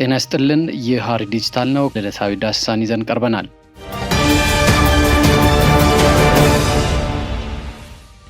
ጤና ይስጥልን። ይህ ሓሪ ዲጂታል ነው። ለዕለታዊ ዳሰሳን ይዘን ቀርበናል።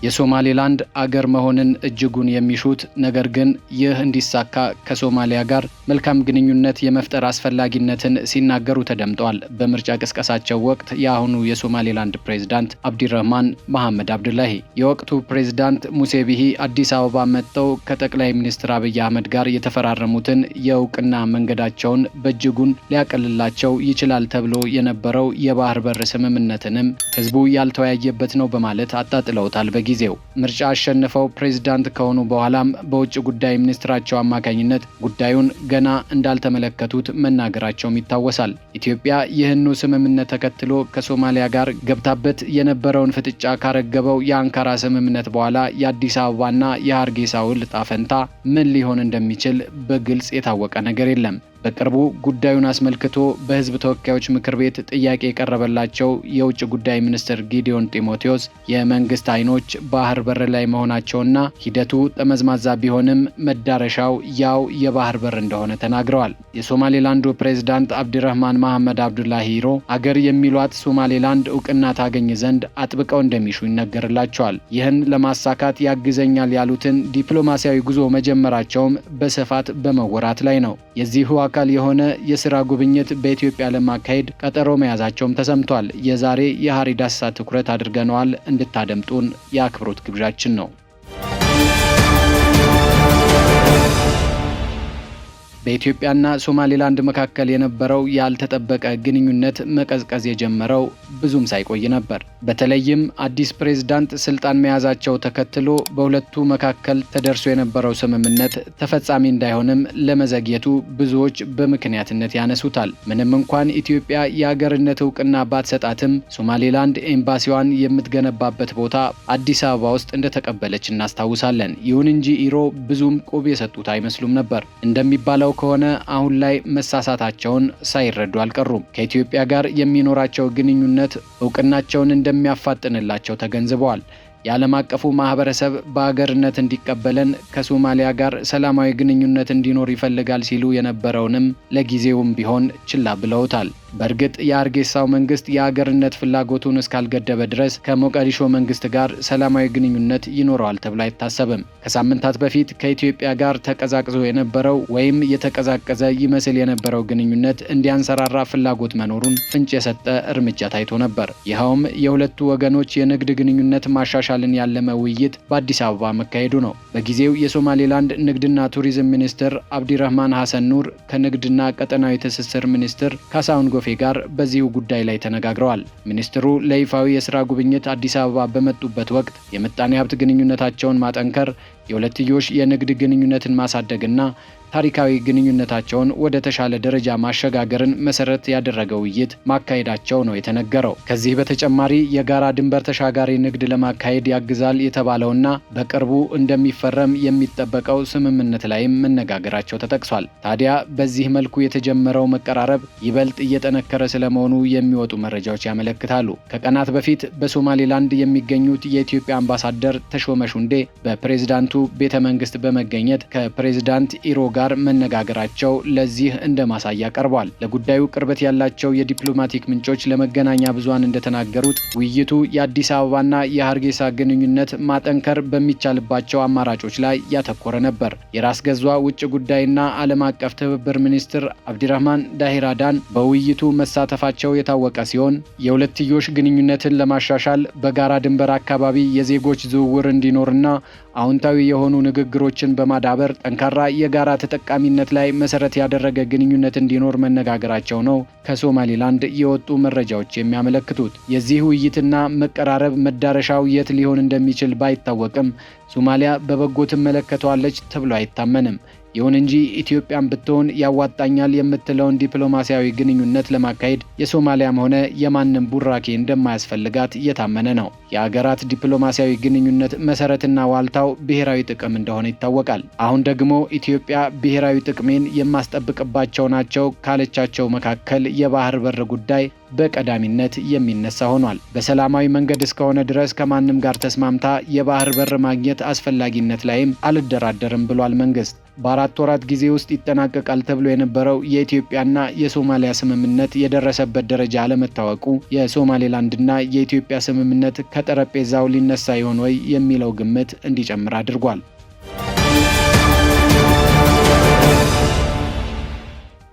የሶማሌላንድ አገር መሆንን እጅጉን የሚሹት ነገር ግን ይህ እንዲሳካ ከሶማሊያ ጋር መልካም ግንኙነት የመፍጠር አስፈላጊነትን ሲናገሩ ተደምጠዋል። በምርጫ ቅስቀሳቸው ወቅት የአሁኑ የሶማሌላንድ ፕሬዝዳንት አብዲረህማን መሐመድ አብዱላሂ፣ የወቅቱ ፕሬዝዳንት ሙሴ ቢሂ አዲስ አበባ መጥተው ከጠቅላይ ሚኒስትር አብይ አህመድ ጋር የተፈራረሙትን የእውቅና መንገዳቸውን በእጅጉን ሊያቀልላቸው ይችላል ተብሎ የነበረው የባህር በር ስምምነትንም ህዝቡ ያልተወያየበት ነው በማለት አጣጥለውታል። በጊዜ ጊዜው። ምርጫ አሸንፈው ፕሬዝዳንት ከሆኑ በኋላም በውጭ ጉዳይ ሚኒስትራቸው አማካኝነት ጉዳዩን ገና እንዳልተመለከቱት መናገራቸውም ይታወሳል። ኢትዮጵያ ይህኑ ስምምነት ተከትሎ ከሶማሊያ ጋር ገብታበት የነበረውን ፍጥጫ ካረገበው የአንካራ ስምምነት በኋላ የአዲስ አበባና የሀርጌሳ ውል ዕጣ ምን ሊሆን እንደሚችል በግልጽ የታወቀ ነገር የለም። በቅርቡ ጉዳዩን አስመልክቶ በህዝብ ተወካዮች ምክር ቤት ጥያቄ የቀረበላቸው የውጭ ጉዳይ ሚኒስትር ጊዲዮን ጢሞቴዎስ የመንግስት አይኖች ባህር በር ላይ መሆናቸውና ሂደቱ ጠመዝማዛ ቢሆንም መዳረሻው ያው የባህር በር እንደሆነ ተናግረዋል። የሶማሌላንዱ ፕሬዝዳንት አብዲረህማን መሐመድ አብዱላሂ ሂሮ አገር የሚሏት ሶማሌላንድ እውቅና ታገኝ ዘንድ አጥብቀው እንደሚሹ ይነገርላቸዋል። ይህን ለማሳካት ያግዘኛል ያሉትን ዲፕሎማሲያዊ ጉዞ መጀመራቸውም በስፋት በመወራት ላይ ነው። የዚሁ አካል የሆነ የስራ ጉብኝት በኢትዮጵያ ለማካሄድ ቀጠሮ መያዛቸውም ተሰምቷል። የዛሬ የሐሪ ዳሳ ትኩረት አድርገነዋል። እንድታደምጡን የአክብሮት ግብዣችን ነው። በኢትዮጵያና ሶማሌላንድ መካከል የነበረው ያልተጠበቀ ግንኙነት መቀዝቀዝ የጀመረው ብዙም ሳይቆይ ነበር። በተለይም አዲስ ፕሬዝዳንት ስልጣን መያዛቸው ተከትሎ በሁለቱ መካከል ተደርሶ የነበረው ስምምነት ተፈጻሚ እንዳይሆንም ለመዘግየቱ ብዙዎች በምክንያትነት ያነሱታል። ምንም እንኳን ኢትዮጵያ የአገርነት እውቅና ባትሰጣትም ሶማሌላንድ ኤምባሲዋን የምትገነባበት ቦታ አዲስ አበባ ውስጥ እንደተቀበለች እናስታውሳለን። ይሁን እንጂ ኢሮ ብዙም ቆብ የሰጡት አይመስሉም ነበር እንደሚባለው ከሆነ አሁን ላይ መሳሳታቸውን ሳይረዱ አልቀሩም። ከኢትዮጵያ ጋር የሚኖራቸው ግንኙነት እውቅናቸውን እንደሚያፋጥንላቸው ተገንዝበዋል። የዓለም አቀፉ ማህበረሰብ በአገርነት እንዲቀበለን ከሶማሊያ ጋር ሰላማዊ ግንኙነት እንዲኖር ይፈልጋል ሲሉ የነበረውንም ለጊዜውም ቢሆን ችላ ብለውታል። በእርግጥ የአርጌሳው መንግስት የአገርነት ፍላጎቱን እስካልገደበ ድረስ ከሞቃዲሾ መንግስት ጋር ሰላማዊ ግንኙነት ይኖረዋል ተብሎ አይታሰብም። ከሳምንታት በፊት ከኢትዮጵያ ጋር ተቀዛቅዞ የነበረው ወይም የተቀዛቀዘ ይመስል የነበረው ግንኙነት እንዲያንሰራራ ፍላጎት መኖሩን ፍንጭ የሰጠ እርምጃ ታይቶ ነበር። ይኸውም የሁለቱ ወገኖች የንግድ ግንኙነት ማሻሻል ማሻሻልን ያለመ ውይይት በአዲስ አበባ መካሄዱ ነው። በጊዜው የሶማሌላንድ ንግድና ቱሪዝም ሚኒስትር አብዲረህማን ሐሰን ኑር ከንግድና ቀጠናዊ ትስስር ሚኒስትር ካሳሁን ጎፌ ጋር በዚሁ ጉዳይ ላይ ተነጋግረዋል። ሚኒስትሩ ለይፋዊ የስራ ጉብኝት አዲስ አበባ በመጡበት ወቅት የምጣኔ ሀብት ግንኙነታቸውን ማጠንከር የሁለትዮሽ የንግድ ግንኙነትን ማሳደግና ታሪካዊ ግንኙነታቸውን ወደ ተሻለ ደረጃ ማሸጋገርን መሰረት ያደረገ ውይይት ማካሄዳቸው ነው የተነገረው። ከዚህ በተጨማሪ የጋራ ድንበር ተሻጋሪ ንግድ ለማካሄድ ያግዛል የተባለውና በቅርቡ እንደሚፈረም የሚጠበቀው ስምምነት ላይም መነጋገራቸው ተጠቅሷል። ታዲያ በዚህ መልኩ የተጀመረው መቀራረብ ይበልጥ እየጠነከረ ስለመሆኑ የሚወጡ መረጃዎች ያመለክታሉ። ከቀናት በፊት በሶማሌላንድ የሚገኙት የኢትዮጵያ አምባሳደር ተሾመ ሹንዴ በፕሬዝዳንቱ ቤተ መንግስት በመገኘት ከፕሬዝዳንት ኢሮ ጋር መነጋገራቸው ለዚህ እንደ ማሳያ ቀርቧል። ለጉዳዩ ቅርበት ያላቸው የዲፕሎማቲክ ምንጮች ለመገናኛ ብዙሃን እንደተናገሩት ውይይቱ የአዲስ አበባና የሀርጌሳ ግንኙነት ማጠንከር በሚቻልባቸው አማራጮች ላይ ያተኮረ ነበር። የራስ ገዟ ውጭ ጉዳይና ዓለም አቀፍ ትብብር ሚኒስትር አብዲራህማን ዳሂራዳን በውይይቱ መሳተፋቸው የታወቀ ሲሆን የሁለትዮሽ ግንኙነትን ለማሻሻል በጋራ ድንበር አካባቢ የዜጎች ዝውውር እንዲኖርና አዎንታዊ የሆኑ ንግግሮችን በማዳበር ጠንካራ የጋራ ተጠቃሚነት ላይ መሰረት ያደረገ ግንኙነት እንዲኖር መነጋገራቸው ነው ከሶማሊላንድ የወጡ መረጃዎች የሚያመለክቱት። የዚህ ውይይትና መቀራረብ መዳረሻው የት ሊሆን እንደሚችል ባይታወቅም ሶማሊያ በበጎ ትመለከተዋለች ተብሎ አይታመንም። ይሁን እንጂ ኢትዮጵያን ብትሆን ያዋጣኛል የምትለውን ዲፕሎማሲያዊ ግንኙነት ለማካሄድ የሶማሊያም ሆነ የማንም ቡራኬ እንደማያስፈልጋት እየታመነ ነው። የአገራት ዲፕሎማሲያዊ ግንኙነት መሰረትና ዋልታው ብሔራዊ ጥቅም እንደሆነ ይታወቃል። አሁን ደግሞ ኢትዮጵያ ብሔራዊ ጥቅሜን የማስጠብቅባቸው ናቸው ካለቻቸው መካከል የባህር በር ጉዳይ በቀዳሚነት የሚነሳ ሆኗል። በሰላማዊ መንገድ እስከሆነ ድረስ ከማንም ጋር ተስማምታ የባህር በር ማግኘት አስፈላጊነት ላይም አልደራደርም ብሏል መንግስት። በአራት ወራት ጊዜ ውስጥ ይጠናቀቃል ተብሎ የነበረው የኢትዮጵያና የሶማሊያ ስምምነት የደረሰበት ደረጃ አለመታወቁ የሶማሌላንድና የኢትዮጵያ ስምምነት ከጠረጴዛው ሊነሳ ይሆን ወይ የሚለው ግምት እንዲጨምር አድርጓል።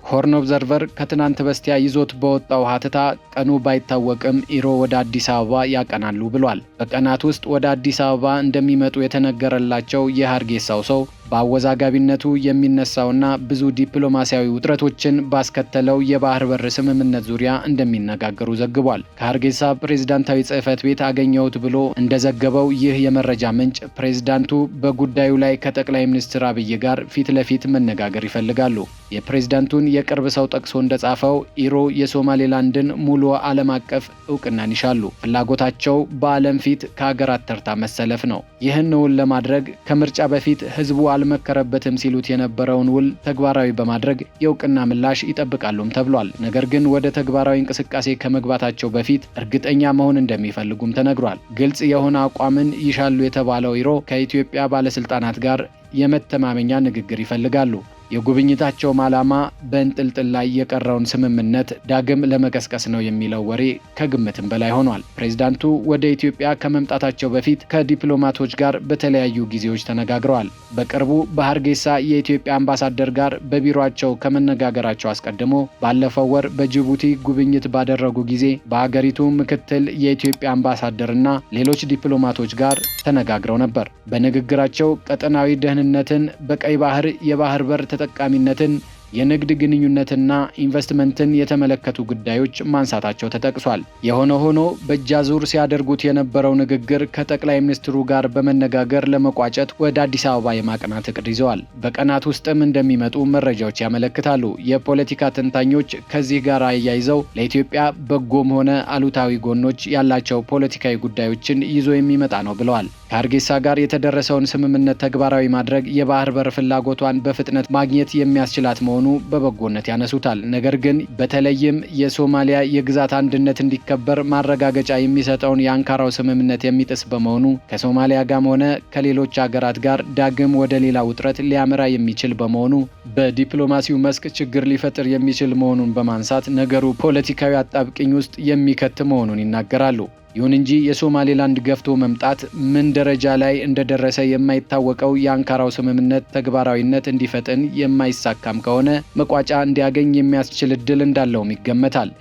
ሆርን ኦብዘርቨር ከትናንት በስቲያ ይዞት በወጣው ሀተታ ቀኑ ባይታወቅም ኢሮ ወደ አዲስ አበባ ያቀናሉ ብሏል። በቀናት ውስጥ ወደ አዲስ አበባ እንደሚመጡ የተነገረላቸው የሀርጌሳው ሰው በአወዛጋቢነቱ የሚነሳውና ብዙ ዲፕሎማሲያዊ ውጥረቶችን ባስከተለው የባህር በር ስምምነት ዙሪያ እንደሚነጋገሩ ዘግቧል። ከሀርጌሳ ፕሬዝዳንታዊ ጽህፈት ቤት አገኘሁት ብሎ እንደዘገበው ይህ የመረጃ ምንጭ ፕሬዝዳንቱ በጉዳዩ ላይ ከጠቅላይ ሚኒስትር አብይ ጋር ፊት ለፊት መነጋገር ይፈልጋሉ። የፕሬዝዳንቱን የቅርብ ሰው ጠቅሶ እንደጻፈው ኢሮ የሶማሌላንድን ሙሉ ዓለም አቀፍ እውቅናን ይሻሉ። ፍላጎታቸው በዓለም ፊት ከአገራት ተርታ መሰለፍ ነው። ይህን እውን ለማድረግ ከምርጫ በፊት ህዝቡ አልመከረበትም ሲሉት የነበረውን ውል ተግባራዊ በማድረግ የእውቅና ምላሽ ይጠብቃሉም ተብሏል። ነገር ግን ወደ ተግባራዊ እንቅስቃሴ ከመግባታቸው በፊት እርግጠኛ መሆን እንደሚፈልጉም ተነግሯል። ግልጽ የሆነ አቋምን ይሻሉ የተባለው ኢሮ ከኢትዮጵያ ባለስልጣናት ጋር የመተማመኛ ንግግር ይፈልጋሉ። የጉብኝታቸውም ዓላማ በእንጥልጥል ላይ የቀረውን ስምምነት ዳግም ለመቀስቀስ ነው የሚለው ወሬ ከግምትም በላይ ሆኗል። ፕሬዚዳንቱ ወደ ኢትዮጵያ ከመምጣታቸው በፊት ከዲፕሎማቶች ጋር በተለያዩ ጊዜዎች ተነጋግረዋል። በቅርቡ በሀርጌሳ የኢትዮጵያ አምባሳደር ጋር በቢሮቸው ከመነጋገራቸው አስቀድሞ ባለፈው ወር በጅቡቲ ጉብኝት ባደረጉ ጊዜ በአገሪቱ ምክትል የኢትዮጵያ አምባሳደርና ሌሎች ዲፕሎማቶች ጋር ተነጋግረው ነበር። በንግግራቸው ቀጠናዊ ደህንነትን፣ በቀይ ባህር የባህር በር ተጠቃሚነትን፣ የንግድ ግንኙነትና ኢንቨስትመንትን የተመለከቱ ጉዳዮች ማንሳታቸው ተጠቅሷል። የሆነ ሆኖ በእጅ ሲያደርጉት የነበረው ንግግር ከጠቅላይ ሚኒስትሩ ጋር በመነጋገር ለመቋጨት ወደ አዲስ አበባ የማቅናት እቅድ ይዘዋል። በቀናት ውስጥም እንደሚመጡ መረጃዎች ያመለክታሉ። የፖለቲካ ተንታኞች ከዚህ ጋር አያይዘው ለኢትዮጵያ በጎም ሆነ አሉታዊ ጎኖች ያላቸው ፖለቲካዊ ጉዳዮችን ይዞ የሚመጣ ነው ብለዋል። ከሀርጌሳ ጋር የተደረሰውን ስምምነት ተግባራዊ ማድረግ የባህር በር ፍላጎቷን በፍጥነት ማግኘት የሚያስችላት መሆኑ በበጎነት ያነሱታል። ነገር ግን በተለይም የሶማሊያ የግዛት አንድነት እንዲከበር ማረጋገጫ የሚሰጠውን የአንካራው ስምምነት የሚጥስ በመሆኑ ከሶማሊያ ጋርም ሆነ ከሌሎች ሀገራት ጋር ዳግም ወደ ሌላ ውጥረት ሊያመራ የሚችል በመሆኑ በዲፕሎማሲው መስክ ችግር ሊፈጥር የሚችል መሆኑን በማንሳት ነገሩ ፖለቲካዊ አጣብቅኝ ውስጥ የሚከት መሆኑን ይናገራሉ። ይሁን እንጂ የሶማሌላንድ ገፍቶ መምጣት ምን ደረጃ ላይ እንደደረሰ የማይታወቀው የአንካራው ስምምነት ተግባራዊነት እንዲፈጥን የማይሳካም ከሆነ መቋጫ እንዲያገኝ የሚያስችል እድል እንዳለውም ይገመታል።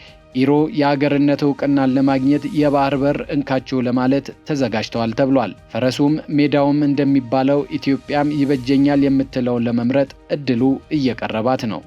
ኢሮ የአገርነት እውቅናን ለማግኘት የባህር በር እንካችሁ ለማለት ተዘጋጅተዋል ተብሏል። ፈረሱም ሜዳውም እንደሚባለው ኢትዮጵያም ይበጀኛል የምትለውን ለመምረጥ እድሉ እየቀረባት ነው።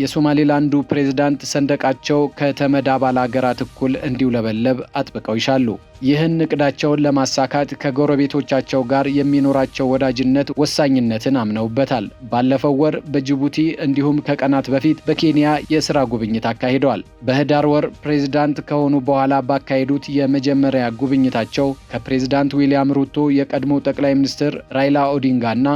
የሶማሌላንዱ ፕሬዝዳንት ሰንደቃቸው ከተመድ አባል አገራት እኩል እንዲውለበለብ አጥብቀው ይሻሉ። ይህን እቅዳቸውን ለማሳካት ከጎረቤቶቻቸው ጋር የሚኖራቸው ወዳጅነት ወሳኝነትን አምነውበታል። ባለፈው ወር በጅቡቲ እንዲሁም ከቀናት በፊት በኬንያ የሥራ ጉብኝት አካሂደዋል። በህዳር ወር ፕሬዝዳንት ከሆኑ በኋላ ባካሄዱት የመጀመሪያ ጉብኝታቸው ከፕሬዝዳንት ዊልያም ሩቶ፣ የቀድሞ ጠቅላይ ሚኒስትር ራይላ ኦዲንጋ እና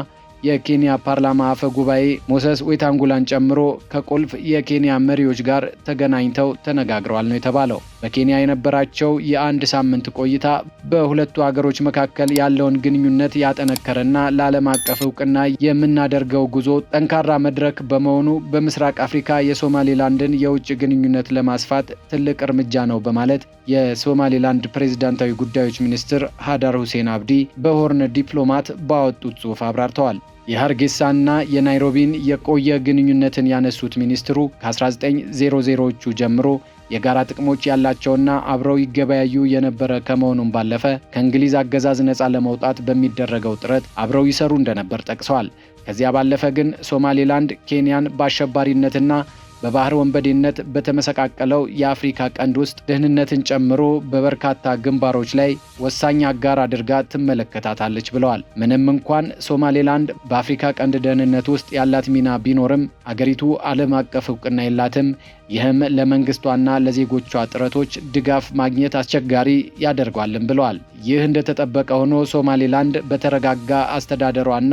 የኬንያ ፓርላማ አፈ ጉባኤ ሞሰስ ዌታንጉላን ጨምሮ ከቁልፍ የኬንያ መሪዎች ጋር ተገናኝተው ተነጋግረዋል ነው የተባለው። በኬንያ የነበራቸው የአንድ ሳምንት ቆይታ በሁለቱ አገሮች መካከል ያለውን ግንኙነት ያጠነከረና ለዓለም አቀፍ እውቅና የምናደርገው ጉዞ ጠንካራ መድረክ በመሆኑ በምስራቅ አፍሪካ የሶማሌላንድን የውጭ ግንኙነት ለማስፋት ትልቅ እርምጃ ነው በማለት የሶማሌላንድ ፕሬዝዳንታዊ ጉዳዮች ሚኒስትር ሃዳር ሁሴን አብዲ በሆርን ዲፕሎማት ባወጡት ጽሑፍ አብራርተዋል። የሀርጌሳና የናይሮቢን የቆየ ግንኙነትን ያነሱት ሚኒስትሩ ከ1900ዎቹ ጀምሮ የጋራ ጥቅሞች ያላቸውና አብረው ይገበያዩ የነበረ ከመሆኑም ባለፈ ከእንግሊዝ አገዛዝ ነፃ ለመውጣት በሚደረገው ጥረት አብረው ይሰሩ እንደነበር ጠቅሰዋል። ከዚያ ባለፈ ግን ሶማሌላንድ ኬንያን በአሸባሪነትና በባህር ወንበዴነት በተመሰቃቀለው የአፍሪካ ቀንድ ውስጥ ደህንነትን ጨምሮ በበርካታ ግንባሮች ላይ ወሳኝ አጋር አድርጋ ትመለከታታለች ብለዋል። ምንም እንኳን ሶማሌላንድ በአፍሪካ ቀንድ ደህንነት ውስጥ ያላት ሚና ቢኖርም አገሪቱ ዓለም አቀፍ እውቅና የላትም። ይህም ለመንግስቷና ለዜጎቿ ጥረቶች ድጋፍ ማግኘት አስቸጋሪ ያደርጓልም ብለዋል። ይህ እንደተጠበቀ ሆኖ ሶማሌላንድ በተረጋጋ አስተዳደሯና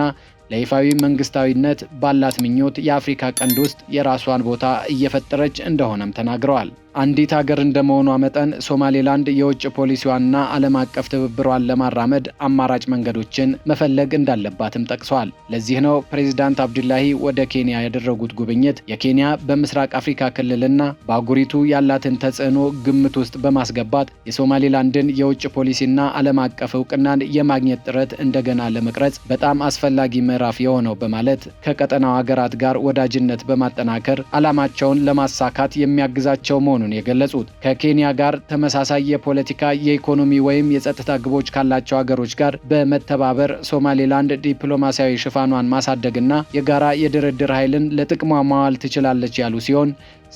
ለይፋዊ መንግስታዊነት ባላት ምኞት የአፍሪካ ቀንድ ውስጥ የራሷን ቦታ እየፈጠረች እንደሆነም ተናግረዋል። አንዲት ሀገር እንደመሆኗ መጠን ሶማሌላንድ የውጭ ፖሊሲዋንና ዓለም አቀፍ ትብብሯን ለማራመድ አማራጭ መንገዶችን መፈለግ እንዳለባትም ጠቅሷል። ለዚህ ነው ፕሬዚዳንት አብዱላሂ ወደ ኬንያ ያደረጉት ጉብኝት የኬንያ በምስራቅ አፍሪካ ክልልና በአጉሪቱ ያላትን ተጽዕኖ ግምት ውስጥ በማስገባት የሶማሌላንድን የውጭ ፖሊሲና ዓለም አቀፍ እውቅናን የማግኘት ጥረት እንደገና ለመቅረጽ በጣም አስፈላጊ ምዕራፍ የሆነው በማለት ከቀጠናው ሀገራት ጋር ወዳጅነት በማጠናከር ዓላማቸውን ለማሳካት የሚያግዛቸው መሆኑ መሆኑን የገለጹት ከኬንያ ጋር ተመሳሳይ የፖለቲካ የኢኮኖሚ ወይም የጸጥታ ግቦች ካላቸው ሀገሮች ጋር በመተባበር ሶማሌላንድ ዲፕሎማሲያዊ ሽፋኗን ማሳደግና የጋራ የድርድር ኃይልን ለጥቅሟ ማዋል ትችላለች ያሉ ሲሆን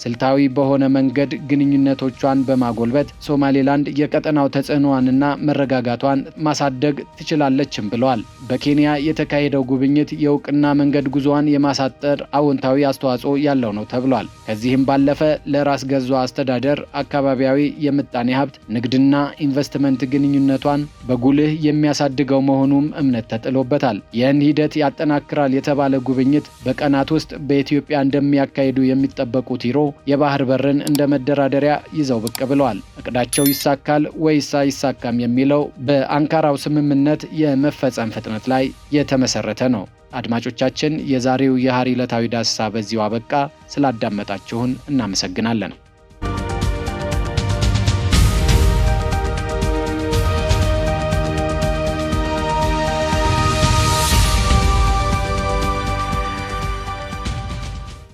ስልታዊ በሆነ መንገድ ግንኙነቶቿን በማጎልበት ሶማሌላንድ የቀጠናው ተጽዕኖዋንና መረጋጋቷን ማሳደግ ትችላለችም ብለዋል። በኬንያ የተካሄደው ጉብኝት የእውቅና መንገድ ጉዞዋን የማሳጠር አዎንታዊ አስተዋጽኦ ያለው ነው ተብሏል። ከዚህም ባለፈ ለራስ ገዟ አስተዳደር አካባቢያዊ የምጣኔ ሀብት ንግድና ኢንቨስትመንት ግንኙነቷን በጉልህ የሚያሳድገው መሆኑም እምነት ተጥሎበታል። ይህን ሂደት ያጠናክራል የተባለ ጉብኝት በቀናት ውስጥ በኢትዮጵያ እንደሚያካሂዱ የሚጠበቁት ቲሮ የባህር በርን እንደ መደራደሪያ ይዘው ብቅ ብለዋል። እቅዳቸው ይሳካል ወይስ አይሳካም የሚለው በአንካራው ስምምነት የመፈጸም ፍጥነት ላይ የተመሰረተ ነው። አድማጮቻችን፣ የዛሬው የሐሪ ዕለታዊ ዳሰሳ በዚሁ አበቃ። ስላዳመጣችሁን እናመሰግናለን።